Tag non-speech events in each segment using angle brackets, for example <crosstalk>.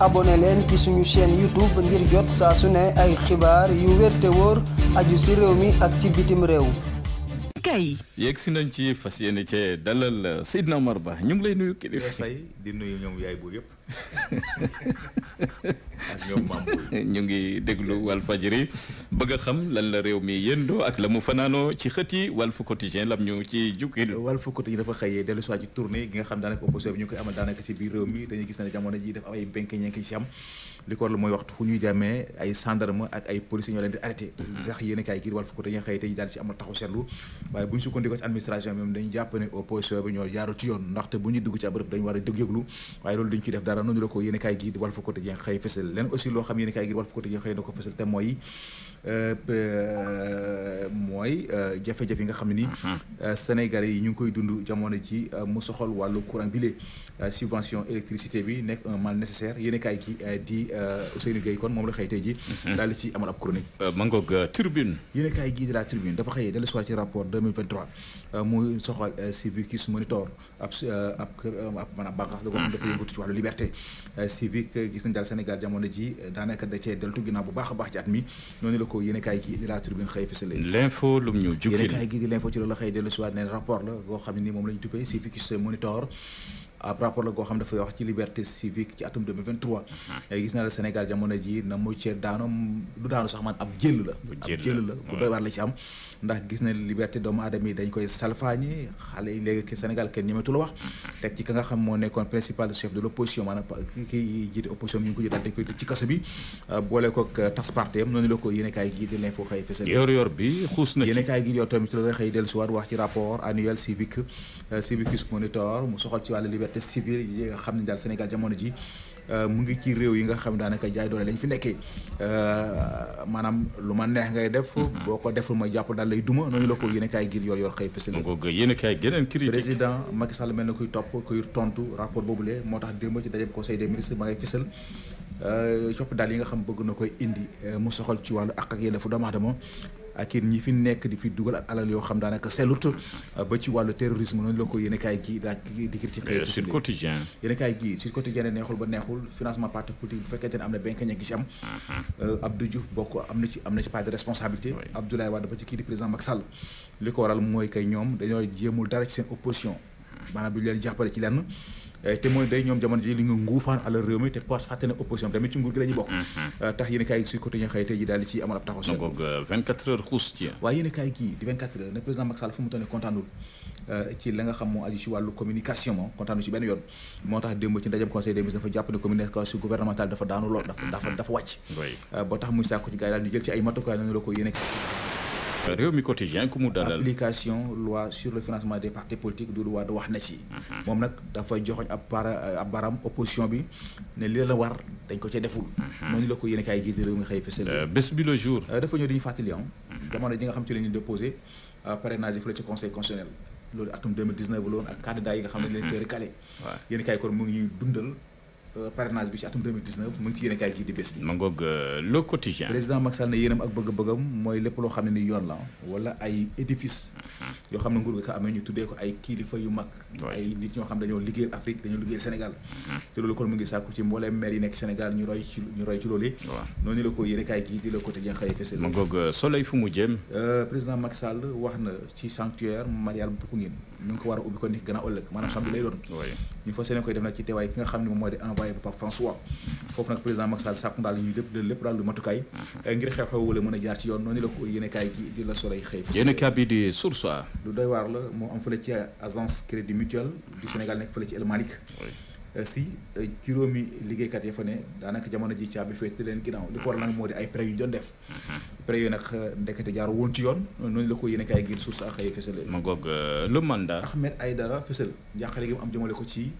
abonné leen ci suñu chaîne YouTube ngir jot saa su ne ay xibaar yu wér te aju si réew mi ak ci bitim réew. kay yegg si nañ ci fas yéene cee dalal Seydina Omar Ba ñu ngi lay nuyu. kilifa di nuyu ñoom yaay bu yëpp. <laughs> ñu ngi déglu Walfadjri bëgg a xam lan la réew mi yëndoo ak la mu fanaanoo ci xët yi Walf Quotidien lam ñu ci jukkil euh, Walf Quotidien dafa xëyee dellu si ci tournée gi nga xam daanaka opposition bi ñu koy amal daanaka ci biir réew mi dañuy gis ne jamono ji dafa ay benk ñenk ci am li ko waral mooy waxtu fu ñuy jàmmee ay gendarme ak ay policiers ñoo leen di arrêté sax mm-hmm. yéen a kaay giir Walf Quotidien xëyee tey daal ci amal taxaw seetlu waaye bu ñu sukkandikoo ci administration bi moom dañuy jàpp ne ñoo jaarul ci yoon ndaxte bu ñuy dugg ci ab bërëb dañu war a dara noonu la ko yéen i kaay gi di Walf Quotidien xëy fësal leen aussi loo xam yéen i kaay gi di Walf Quotidien xëy na ko fësal te mooy Euh, euh, mooy euh, jafe-jafe yi nga xam ne ni mhm. sénégalais yi ñu ngi koy dund jamono ji mu soxal wàllu courant bi subvention électricité bi nekk un mal nécessaire yéen kaay ki di Ousseynou Gueye kon moom la xëy tey ji mhm. daal di ci amal ab chronique mangoog tribune yéen kaay gi de la tribune dafa xëyee dellu soir ci rapport 2023 muy soxal Civicus Monitor ab ab ab maanaam bànqaas la ko xam dafa mhm. yëngatu ci wàllu liberté civique gis nañ daal Sénégal jamono ji daanaka da cee deltu ginnaaw bu baax a baax ci at mi ko yéen a kaay gi di la tribune xëy fësale l'info lum ñu jukkil yéen a kaay gi di l'info ci loolu xëy dellu si waat ne rapport la boo xam ne nii moom la ñu tuppee si ficus monitor ab rapport la goo xam dafay wax ci liberté civique ci atum uh-huh. la Sénégal na uh-huh. de l' opposition maanaam kii jiite opposition ñu ngi ko jël uh-huh. uh, uh, bi xuus na yéene kaay gi yor tamit loolu xëy dellusiwaat wax ci rapport annuel civique uh, civicus monitor mu soxal ci wàllu liberté société civile yi nga xam ne daal Sénégal jamono ji euh, mu ngi ci réew yi nga xam daanaka jaay doole lañ fi nekkee euh, maanaam lu ma neex ngay def. Mm-hmm. boo ko deful ma jàpp daal lay duma noonu la ko yéen a kaay ngir yor yor xëy fësal. yéen a kaay geneen critique président Macky Sall mel na kuy topp kuy tontu rapport boobule moo tax démb ci dajab conseil des ministres ma ngay fësal euh, copp daal yi nga xam bëgg na koy indi mu soxal ci wàllu àq ak yelleefu doomu aadama ak it ñi fi nekk di fi dugal ak alal yoo xam daanaka sellut euh, ba ci wàllu terrorisme noonu la ko yéen a kaay gii daa di critiquer euh, Sud a kaay gii Sud Quotidien ne neexul ba neexul financement parti politique bu fekkente ne am na benkañ gi ci am uh-huh. euh, Abdou Diouf bokk am na ci am na ci part de responsabilité Abdoulaye Wade ba ci kii di président Macky Sall li ko waral mooy kay ñoom dañoo jéemul dara ci seen opposition uh-huh. maanaam du leen jàppale ci lenn Euh, te mooy day ñoom jamono ji li nga nguufaan alal réew mi te pas ne opposition bi ci nguur gi la bokk mm-hmm. euh, tax yéen i kaay di ci amal euh, heures ne président Macky fu mu toll kontaanul ci la nga xam moo aju ci wàllu communication moom kontaanu ci benn yoon moo tax démb ci ndajam conseil des ministres dafa jàpp communication gouvernementale dafa daanu lool dafa wàcc ba tax muy sàkku ci gars daal ñu jël ci ay matukaay nañu la ko Euh, réew mi quotidien ku mu dalal application loi sur le financement des partis politiques Doudou Wade wax na ci. Uh-huh. moom nag dafa joxoñ ab para euh, ab baram opposition bi ne li la war dañ ko ca deful. Uh-huh. noonu la ko yéen a kaay gii di réew mi xëy fësal. Euh, bés bi le jour. dafa ñëw di ñu fàttali am. Uh-huh. jamono ji nga xam ci la ñuy déposé parrainage yi fële ci conseil constitutionnel loolu atum 2019 ak candidat yi nga xam ne leen koy recalé. waaw yéen kon mu ngi dundal. Euh, parrainage bi ci atum 2019 mu ngi ci yéen a kaay gii di bés bi. ma ngoog euh, le quotidien. président Macky ne yéenam ak bëgg-bëggam mooy lépp loo xam ne ni yoon la wala ay édifice mhm. yoo xam ne nguur gi ko amee ñu tuddee ko ay kilifa yu mag. ay nit ñoo xam dañoo liggéeyal Afrique dañoo liggéeyal Sénégal. Mhm. te loolu kon mu ngi sàkku ci mbooleem maire yi nekk Sénégal ñu roy ci ñu roy ci loolu. waaw noonu la ko yéen a kaay gii di le quotidien xëy fësal. ma ngoog euh, soleil fu mu jëm. président Macky wax na ci sanctuaire Marial Boukoungine ñu ngi ko war a ubbi ko ni gannaaw ëllëg am samedi lay doon mm-hmm. ñu fas yéene koy def nag ci teewaay ki nga xam ne moom moo di envoyé bu Pape François foofu nag président Macky Sall ndaal ñu lépp lépp daal lu matukaay mm-hmm. ngir xew xew wala mën a jaar ci yoon noonu la ko yéene kaay gi di la Soleil xëy yéene kaay bi di Source A lu doy waar la moo am fële ci agence crédit mutuel du Sénégal nekk fële ci El Euh, si euh, juróomi liggéeykat ya fa ne daanaka jamono ji caabi féete leen ginnaaw li ko war nag moo di ay prêt yu ñu doon def mhm. prêt yooyu nag euh, ndekete jaar woon ci yoon noonu la ko yéene kaay ngir source ak ay fësal ma goog lu man daa Ahmed ay dara njàqare gi mu am jëmale ko ci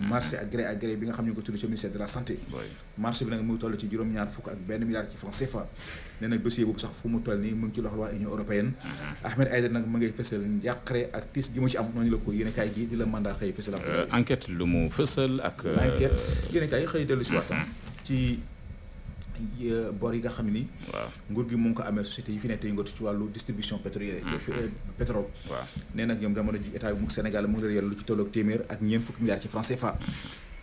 marché ak gré à gré bi nga xam ñu ko tudd ci ministère de la santé marché bi nag mu ngi toll ci juróom-ñaar fukk ak benn milliard ci franc CFA nee dossier boobu sax fu mu toll nii mu ngi ci loxol waa union européenne mhm. Ahmed Aïdara nag mu ngay fësal njàqare ak tiis gi ma ci am noonu la ko yéen gi di la mandat xëy fësal am euh, enquête lu mu fësal ak enquête euh, yéen xëy dellu si waxtaan mhm. ci Euh, bor yi nga xam ni. waaw nguur gi mu ngi ko amee société yi fi nekk tey ngóob ci wàllu distribution pétrolière. Mhm. Euh, pétrole. waaw nee nag ñoom jamono ji état bi mu Sénégal mu leen yàlla lu ci tolloog téeméer ak ñeent fukki milliards ci franc CFA.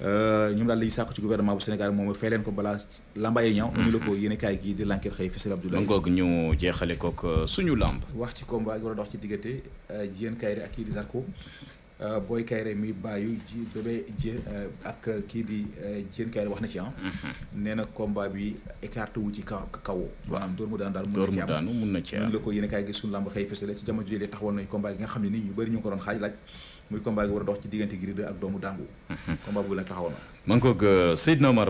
Euh, ñoom daal la sàkku ci gouvernement bu Sénégal moom fay leen ko balaa lambaye ñaw mhm. ñu la ko yéene kaay gii di l'enquête xëy Fesal Abdoulaye ngoog ñu jeexale kook suñu lamb wax ci combat gi war a dox ci diggante Diène Kairé kii di Zarko Euh, booy Kayre mi bàyyu ji bébé jën euh, ak kii di jën euh, Kayre wax na ci ah. Mm-hmm. nee na combat bi écarté wu ci kaw kawoo. maanaam dóor mu daan daal mun na ci am na ci am. la ko a kaay gis suñu làmb xëy fësale ci jamono jëlee taxawal nañu combat gi nga xam a dox ci diggante Gris 2 ak doomu mm-hmm.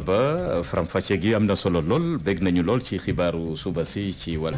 Ba faram-fàcce gi am na solo lool bégg nañu lool ci xibaaru suba si ci walla